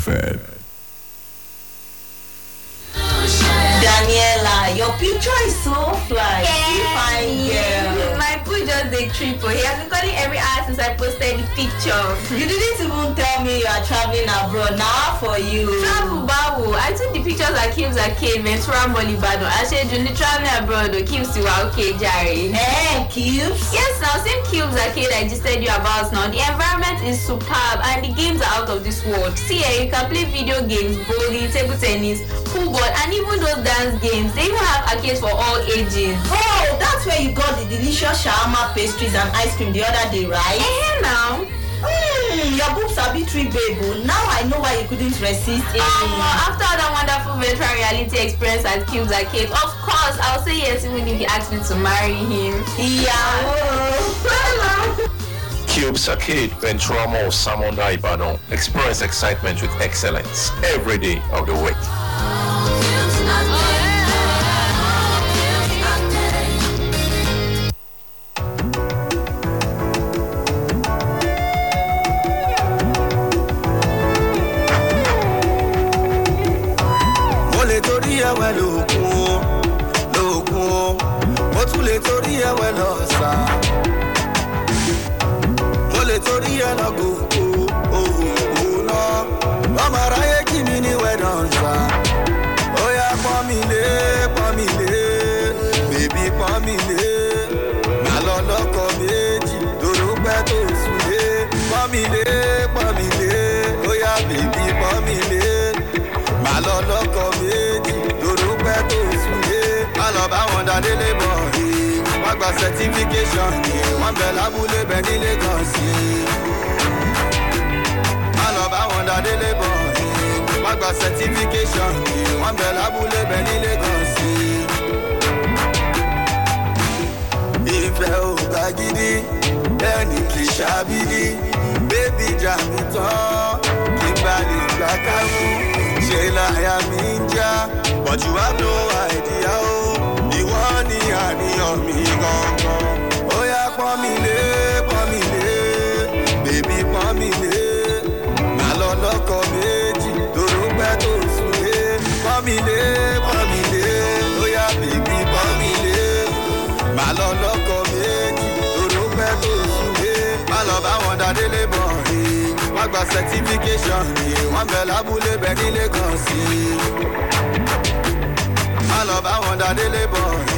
fm. Daniela, your picture is so fly. Can you fine girl just did triple. Oh. He has been calling every hour since I posted the picture. you didn't even tell me you are traveling abroad. Now for you. Travel babu. I took the pictures at Kim's at Kim and from Bolivado. I said you need traveling abroad or oh. Kim's you are okay, Jerry. Hey, eh, Cubes? Yes, now same Cubes at Kim I just said you about now. The environment is superb and the games are out of this world. See here, eh, you can play video games, bowling, table tennis, football, and even those dance games. They even have arcades for all ages. Oh, that's where you got the delicious shawarma pastries and ice cream the other day right eh now Mm, your boobs are bit three babe oh. now i know why you couldn't resist um, uh, after that wonderful virtual reality experience at cubes arcade of course i'll say yes even if he asked me to marry him yeah oh. Cubes Arcade, Ventura Mall, Samona Ibadan. Experience excitement with excellence every day of the week. complication ni wọ́n bẹ̀ lábúlé bẹ̀ nílé kan sí i. má lọ bá wọn dá délé bọ̀ ni wọ́n gba certification ni wọ́n bẹ̀ lábúlé bẹ̀ nílé kan sí i. ìfẹ́ ò bá gidi ẹnì kì í ṣàbídí bébí ìjà mi tán kí n bá lè gbà kámú ṣe láyà mi ń já but you have no idea o oh. ìwọ ni àníyàn mi gangan. pamile pamile baby pamile má lọ lọkọ méjì tóró pẹ tó sùlé pamile pamile lóyà baby pamile má lọ lọkọ méjì tóró pẹ tó sùlé má lọ bá wọn dá délé bọ̀ rí gba certification rí eh. wọ́n bẹ̀ lábúlé bẹ̀ nílé kan sí i má lọ bá wọn dá délé bọ̀ eh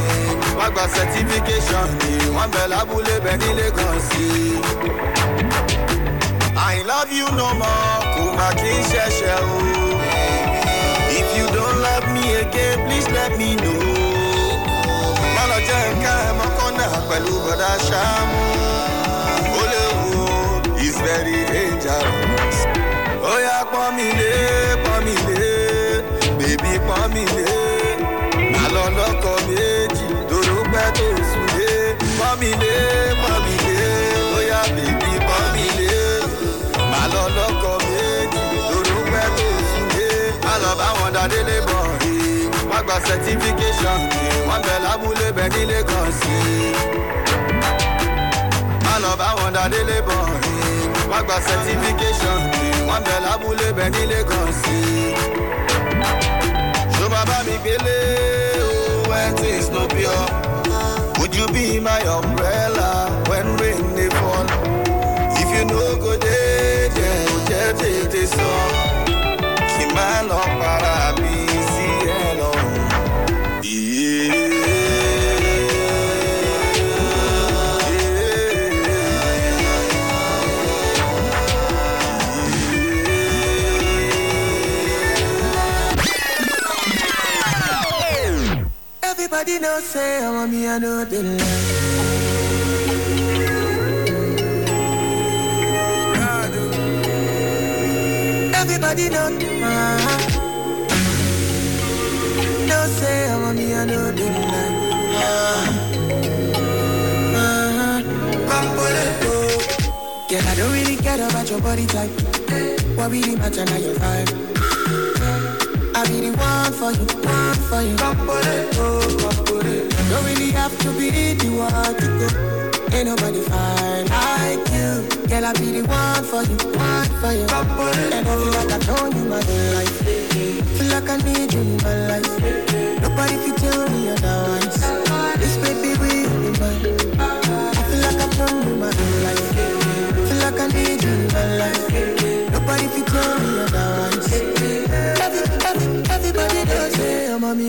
wọ́n gba certification ni wọ́n bẹ̀ lábúlé kan sí i. I love you no more, kò má kí n ṣẹ̀ṣẹ̀ o. If you don't love me again, please let me know. Mọ́lọ jẹ́ nǹkan ẹ̀mọ́ kọ́nà pẹ̀lú bọ̀dá ṣáàmù. Ó very dangerous. Ó yá pọ́n mi lé, pọ́n mi lé, bèbí pọ́n mi lé, màá lọ mi. adélé bọ̀ rí wọ́n gba certification rí wọ́n bẹ̀ lábúlé bẹ̀ nílé kan sí. má lọ bá wọn dádélé bọ̀ rí wọ́n gba certification rí wọ́n bẹ̀ lábúlé bẹ̀ nílé kan sí. ṣó bàbá mi gbélé o when things no pure would you be my umbrella when rain dey fall if you no go dey there o jẹ́ tètè sọ. So. man up para me no say, I want me a know the love. Everybody know, uh, no say, I want me a know the love. Come pull it go. Girl, I don't really care about your body type. What really matter now your vibe. I be the one for you, one for you. it, oh, it. Don't really have to be the one to go. Ain't nobody fine like you. Girl, I be the one for you, one for you. Compone, and I feel like I've you my whole life. Feel like I need you in my life. Nobody can tell me otherwise. This baby will be mine. I feel like I've you my whole life.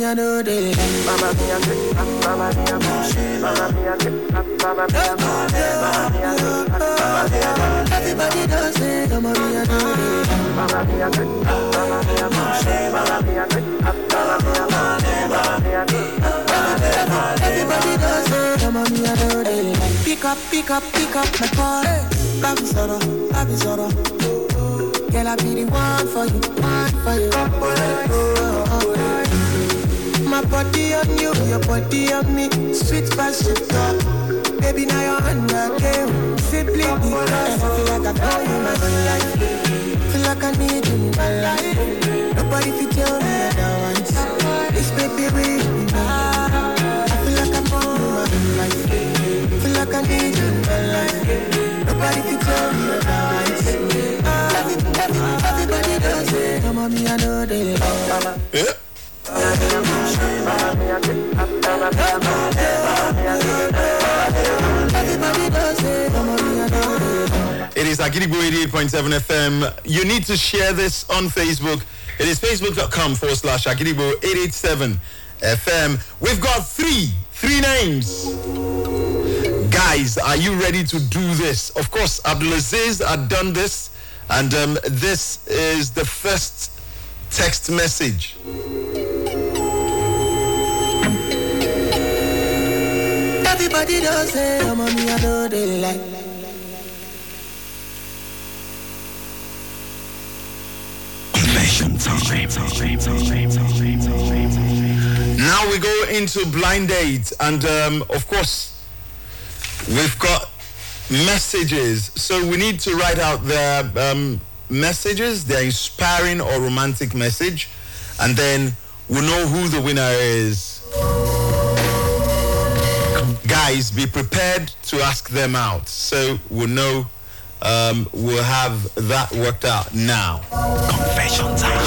a do this. Mama mia, mama mia, mama mia, mama mia, mama mia, mama mia, mama mia, mama mia, mama mia, mama me mama me Mama mia, mama mia, mama mia, mama mia, mama me Everybody dance it, mama me do this. Pick up, pick up, pick up my phone. Bobby Soto, Bobby Soto. Girl, I be the one for you, one for you. Oh, oh, oh my body on you, your body on me. Sweet passion talk. Baby, now you're under game. Simply because I feel like I found you my life. Feel like I need you in my life. Nobody can tell me otherwise. This baby real. I feel like I'm on my life. Feel like I need you in my life. Nobody can tell me otherwise. Ah, everybody, everybody does it. Come on, me, I know they love. Yeah. It is Agiribu 88.7 FM. You need to share this on Facebook. It is facebook.com forward slash Agiribu 887 FM. We've got three, three names. Guys, are you ready to do this? Of course, Abdulaziz had done this, and um, this is the first text message. Nobody does I'm on me, I know they like. Now we go into blind dates, and um, of course, we've got messages. So we need to write out their um, messages, their inspiring or romantic message, and then we'll know who the winner is guys, be prepared to ask them out. So we'll know, um, we'll have that worked out now. Confession time.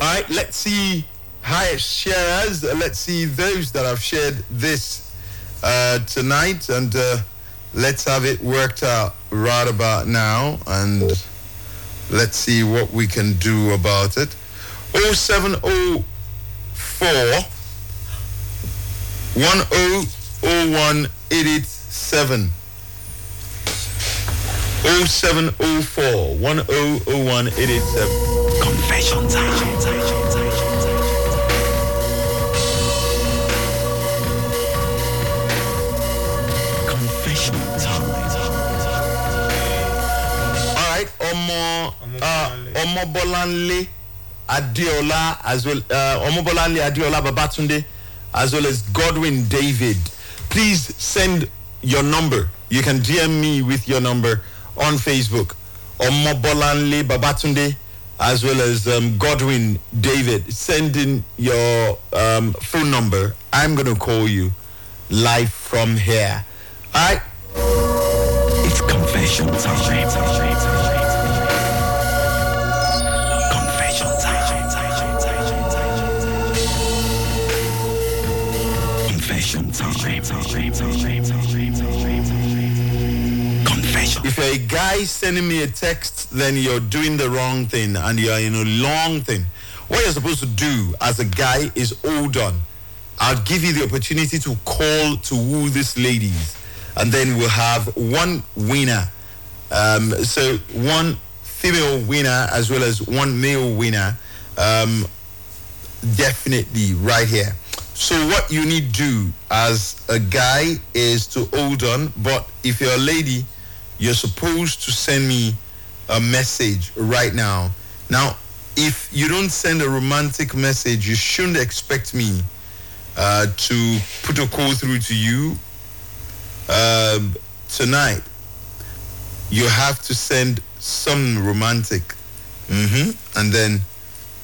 All right, let's see highest sharers. Let's see those that have shared this uh, tonight, and uh, let's have it worked out right about now, and let's see what we can do about it. 0704 1001 0704 1001 887. Confessions. Ah, Omobolanle Adiola as well uh, Omobolanle Adiola Babatunde as well as Godwin David. Please send your number. You can DM me with your number on Facebook. Omobolanle Babatunde as well as um, Godwin David. Send in your um, phone number. I'm going to call you live from here. All right? It's confession time. Confession Confession. If you're a guy sending me a text, then you're doing the wrong thing and you're in a long thing. What you're supposed to do as a guy is hold on. I'll give you the opportunity to call to woo these ladies, and then we'll have one winner. Um, so one female winner as well as one male winner. Um, definitely right here. So what you need do as a guy is to hold on, but if you're a lady, you're supposed to send me a message right now. Now, if you don't send a romantic message, you shouldn't expect me uh, to put a call through to you um, tonight. You have to send some romantic, mm-hmm. and then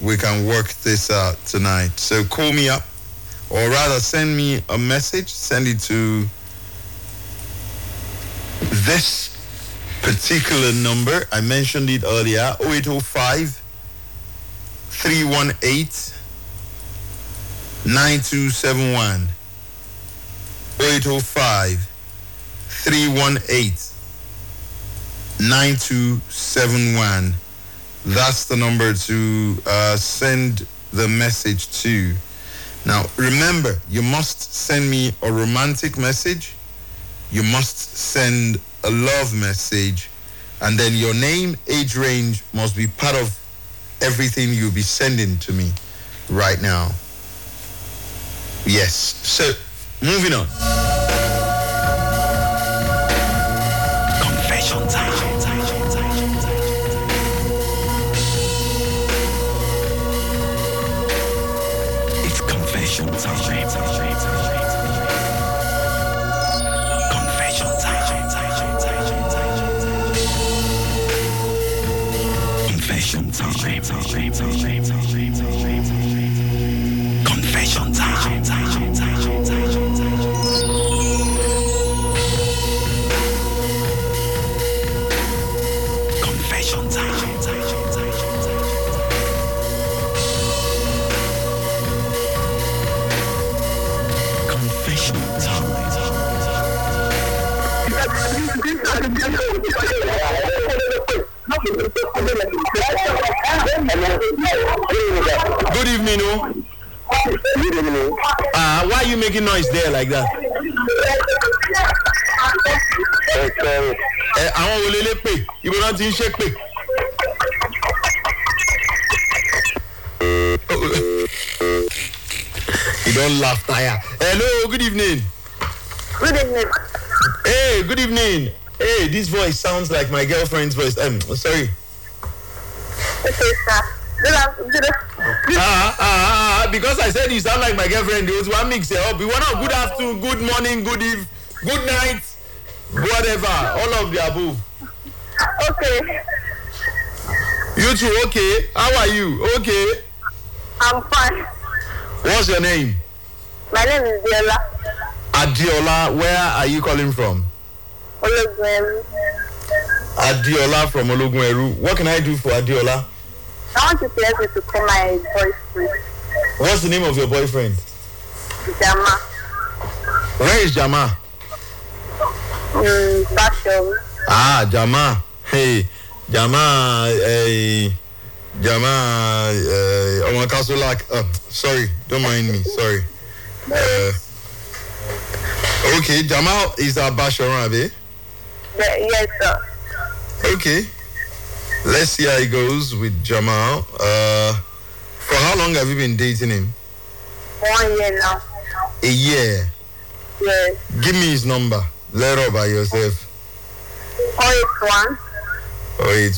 we can work this out tonight. So call me up or rather send me a message, send it to this particular number. I mentioned it earlier 0805 318 9271. 0805 318 9271. That's the number to uh, send the message to. Now, remember, you must send me a romantic message. You must send a love message. And then your name, age range must be part of everything you'll be sending to me right now. Yes. So, moving on. Confession time. Rainbow, Rainbow, Rainbow. Good evening, no. Good evening. Uh, ah, why are you making noise there like that? Eh, àwọn wo lélẹ́ pè ibo náà ti ń ṣe pè. you don't laugh tire. hello good evening. good evening. hey good evening. hey this voice sounds like my girlfriend's voice um, sorry. Ah, ah, ah, ah, because I said you sound like my girlfriend. You want mix it up. we want to good afternoon, good morning, good eve, good night, whatever. All of the above. Okay. You too. Okay. How are you? Okay. I'm fine. What's your name? My name is Diola. Adiola, where are you calling from? Ologunweru. Adiola from Ologunweru. What can I do for Adiola? I want you to help me to call my boyfriend. What's the name of your boyfriend? Jama. Where is Jama? Mm, Ah, Jama. Hey, Jama. Hey. Eh, Jama uh, Omar like. Uh, oh, sorry, don't mind me. Sorry. Uh, okay, Jama is a Basharabi. Yes, sir. Okay. Let's see how it goes with Jamal. Uh, for how long have you been dating him? One year now. A year? Yes. Give me his number. Let her by yourself. 081. 081.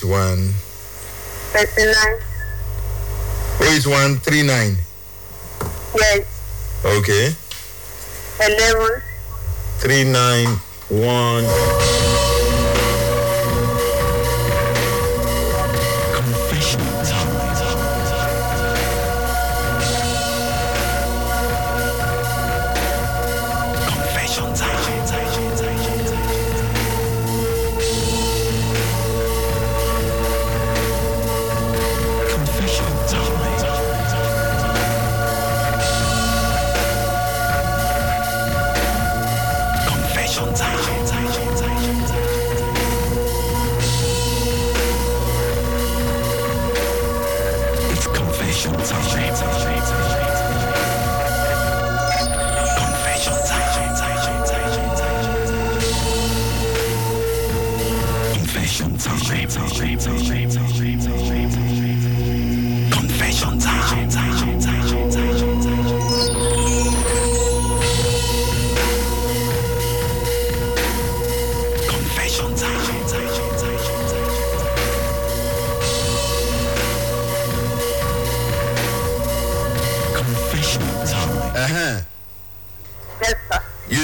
39. one. 39. Yes. Okay. 11. 391.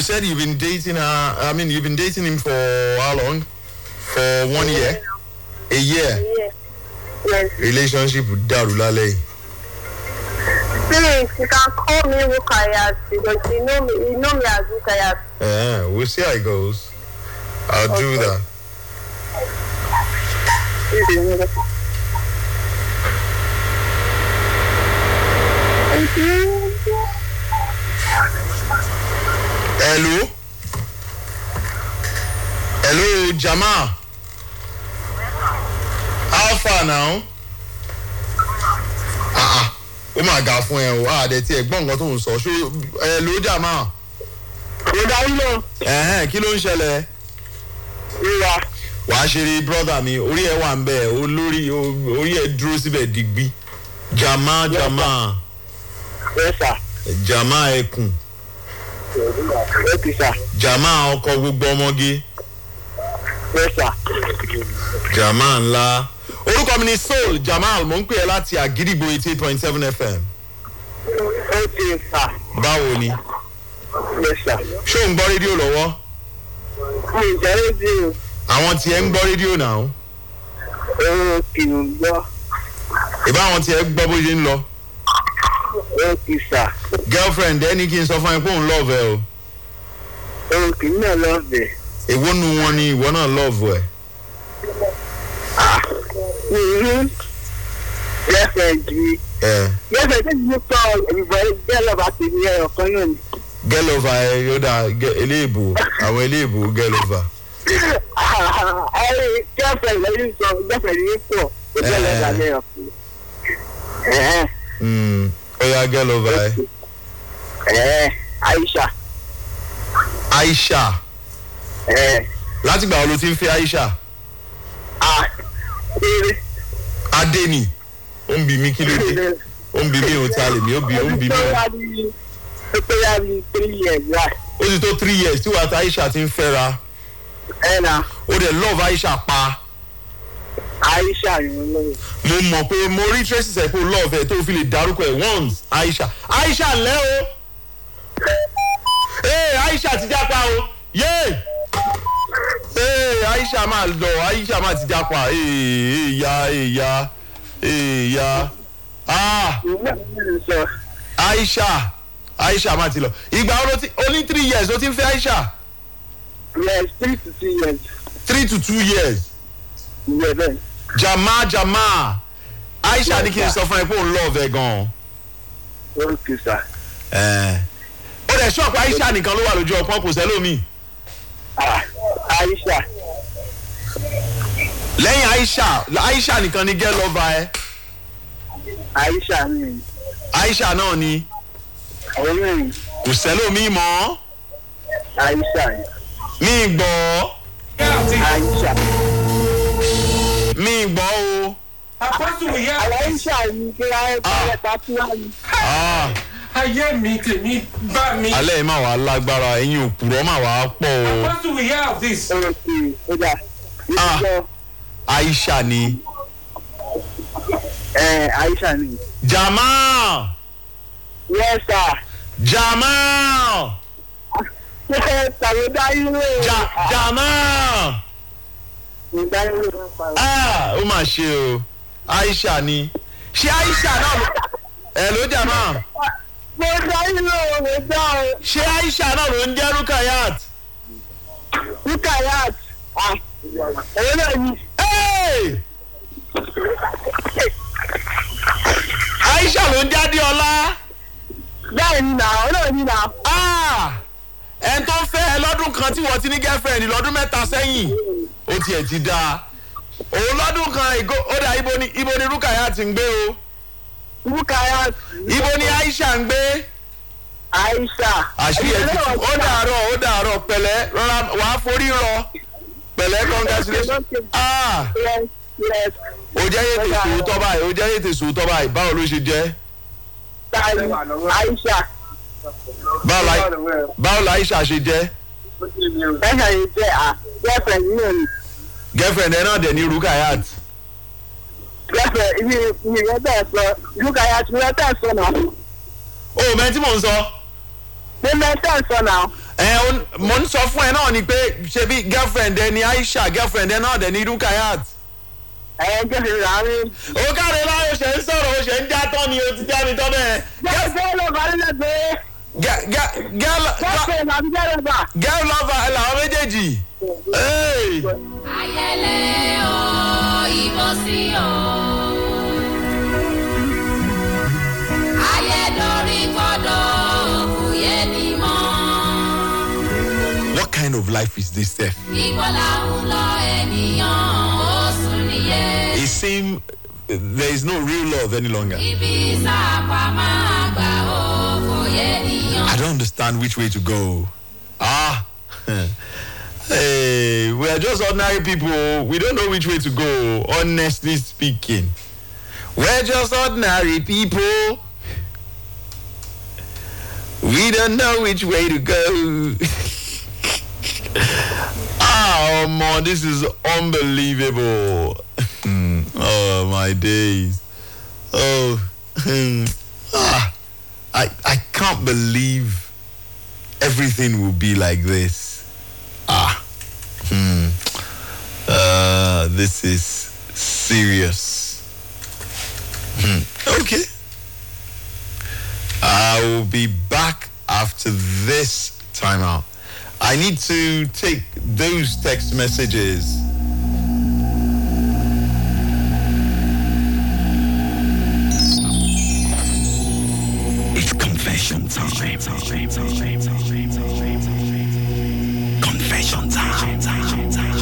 said you've been dating her. I mean, you've been dating him for how long? For one year. A year. A year. Yes. Relationship with Darulale. please, call me Rukayat because you know me, you know me as Rukayat. Yeah, uh-huh. we'll see how it goes. I'll okay. do that. Hello? Hello, Jama? How far now? máa ga fún ẹ o àdẹ tí ẹ gbọ́ nǹkan tó ń sọ ṣó ẹ ló dà máa. mo darí lọ. ẹhẹn kí ló ń ṣẹlẹ̀. ìwà. wà á ṣe rí brọ́dà mi orí ẹ wà ń bẹ olórí orí ẹ dúró síbẹ̀ digbí jama jama. Yes, jama ẹkùn. Yes, jama ọkọ gbogbo ọmọge. Yes, jama ńlá orúkọ mi ni soul jamal mo ń pè é láti àgídìgbò eighty eight point seven fm. ó ti ń sà. báwo ni. ṣé ò ń gbọ́ rédíò lọ́wọ́. mi ò jẹ́ rédíò. àwọn tiẹ̀ ń gbọ́ rédíò náà. òun kì í gbọ́. ìbá àwọn tiẹ̀ gbọ́ bó ṣe ń lọ. ó ti sà. girlfriend ẹni kí n sọ fún ẹ pé òun lọ́ọ̀fẹ́ o. òun kì í náà lọ́ọ̀fẹ́. èwo nu wọn ni ìwọ náà lọ́ọ̀fù ẹ̀. Eh. nhu <laughs> girlfriend mi. girlfriend tí mo sọ ìbọn girl over ti ní ẹyọ kan náà ni. girl over ẹ yóò dà eléèbò eh, àwọn eléèbò girl over. ẹ girlfriend lẹ́yìn sọ girlfriend yìí pọ̀ ìbọn lẹ́yìn àlẹ́ ọ̀kùnrin. ọ̀ya ẹ. aisha. aisha. Eh. látìgbà wo ló ti ń fẹ́ aisha. ah adé ni ó ń bi mí kí ló dé ó ń bi mí ó ta lè ó bi ó ń bi mí. ó three years wá. ó ti tó three years tí wàá ta aisha ti ń fẹ́ra. na. ó dẹ̀ love aisha pa. aisha yẹn lọ. mo mọ̀ pé mo rí tracy sẹ́kù love ẹ̀ tó fi lè darúkọ ẹ̀ once aisha aisha lẹ́ o. ee aisha ti jápa o yéé ee aisha máa lọ aisha máa ti japa ee ya ee ya ee ah aisha aisha máa ti lọ ìgbà wo ti only three years ló ti ń fẹ́ aisha. yes three to two years. three to two years. yes bẹ́ẹ̀. jama jama aisha ní kí n sọ fún ẹ pé òun lọ ọ̀fẹ́ gan-an. ok sir. ẹ ó dẹ̀ ṣọ́ọ̀pù aisha nìkan ló wà lójú ọpọ́n kò sẹ́lómi. Ah, aisha. lẹ́yìn aisha aisha nìkan ni girl lover ẹ. aisha ni. aisha náà ni. kò mi mọ́. aisha mi gbọ́. aisha. mi gbọ́ o. àpótù ìyá. aisha ni kí wọ́n ah. pa fúlàní ayé mi tèmi bá mi. alẹ́ yìí máa wà lágbára ẹ̀yin òpùrọ̀ máa wà pọ̀ o. I want hear of this. ah Aisha ni. ẹ Aisha ni. Jamal. yes sir. Jamal. tàbí dáyúrò. ja Jamal. ìdáyúrò. ah ó mà ṣe o Aisha ni ṣé Aisha náà ẹ ló Jamal. <laughs> mo darí lòun gbà o. ṣé aisha náà ló ń jẹ́ rukayat. rukayat ah èyí náà ni. aisha ló ń jáde ọlá. bẹ́ẹ̀ ni nà ó náà ni nà. Ah! ẹ tó ń fẹ́ ẹ lọ́dún kan tí wọ́n ti ní girlfriend lọ́dún mẹ́ta sẹ́yìn ó tiẹ̀ ti da. òun lọ́dún kan ó dà ibo ni ibo ni rukayat ń gbé o. ibo ni aisha ń gbé. aisha. àṣírí ti ó dàárọ̀ ó dàárọ̀ pẹ̀lẹ́ rọra wà á forí rọ pẹ̀lẹ́ congratulations. ó yé tèsù tọ́ báyìí ó yé tèsù tọ́ báyìí báwo ló ṣe jẹ́. aisha. báwo la aisha ṣe jẹ́. aisha ṣe jẹ́ a ah, girlfriend náà ni. girlfriend ẹ náà dẹ̀ ní rukayat. rẹpẹ mi mi yẹn bẹ́ẹ̀ sọ lùkà yà tún rẹpẹ sọ náà. o mẹ tí mò ń sọ. mo mẹ tẹ́ ń sọ náà. ẹ mo ń sọ fún ẹ náà ni pé ṣebí girlfriend ẹ ni Aisha girlfriend ẹ náà dẹ̀ ni Rukayat. ẹ jẹ́ fi rà mí. o káre láyò ṣe ń sọ̀rọ̀ o ṣe ń já tán ni o ti já mi tán bẹ́ẹ̀. gẹ́gẹ́ ló bá nílẹ̀ pé. Girl lover ẹ làwọn méjèèjì. Ayẹlẹ o, ìbọn sí o. of life is this death. It seems there is no real love any longer. I don't understand which way to go. Ah. <laughs> hey, we are just ordinary people. We don't know which way to go, honestly speaking. We're just ordinary people. <laughs> We don't know which way to go. <laughs> Wow, Mo, this is unbelievable. Mm. <laughs> Oh, my days. Oh, <laughs> ah, I, I can't believe everything will be like this. Ah, Hmm. uh, this is serious. Hmm, okay. I will be back after this timeout. I need to take those text messages. It's confession time. Confession time. Confession time.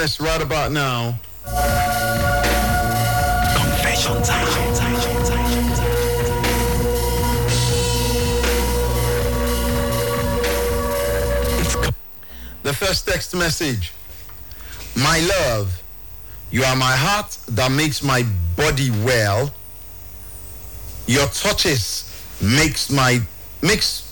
business right about now. Confession time. The first text message. My love, you are my heart that makes my body well. Your touches makes my makes